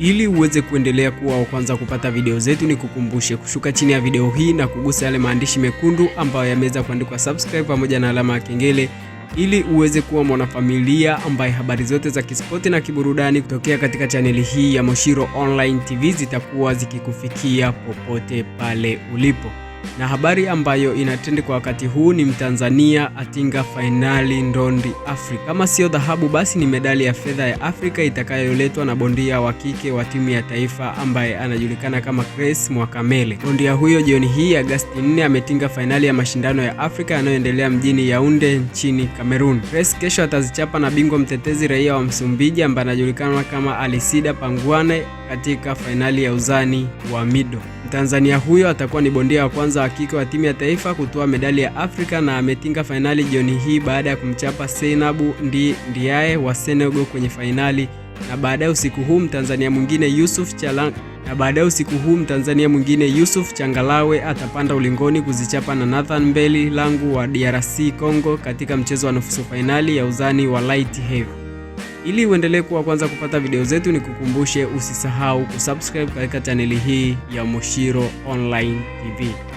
Ili uweze kuendelea kuwa wa kwanza kupata video zetu, ni kukumbushe kushuka chini ya video hii na kugusa yale maandishi mekundu ambayo yameweza kuandikwa subscribe pamoja na alama ya kengele ili uweze kuwa mwanafamilia ambaye habari zote za kispoti na kiburudani kutokea katika chaneli hii ya Moshiro Online TV zitakuwa zikikufikia popote pale ulipo na habari ambayo inatendi kwa wakati huu ni Mtanzania atinga fainali ndondi Afrika. Kama sio dhahabu, basi ni medali ya fedha ya Afrika itakayoletwa na bondia wa kike wa timu ya taifa ambaye anajulikana kama Grace Mwakamele. Bondia huyo jioni hii agasti 4 ametinga fainali ya mashindano ya Afrika yanayoendelea mjini yaunde nchini Kamerun. Grace kesho atazichapa na bingwa mtetezi raia wa Msumbiji ambaye anajulikana kama Alisida Pangwane katika fainali ya uzani wa mido. Mtanzania huyo atakuwa ni bondia wa kwanza wa kike wa timu ya taifa kutoa medali ya Afrika na ametinga fainali jioni hii baada ya kumchapa Seinabu Ndi Ndiaye wa Senegal kwenye fainali na baadaye usiku huu Mtanzania mwingine Yusuf Chalang na baadaye usiku huu Mtanzania mwingine Yusuf Changalawe atapanda ulingoni kuzichapa na Nathan Mbeli langu wa DRC Congo katika mchezo wa nusu fainali ya uzani wa light heavy. Ili uendelee kuwa kwanza kupata video zetu, ni kukumbushe usisahau kusubscribe katika chaneli hii ya Moshiro Online TV.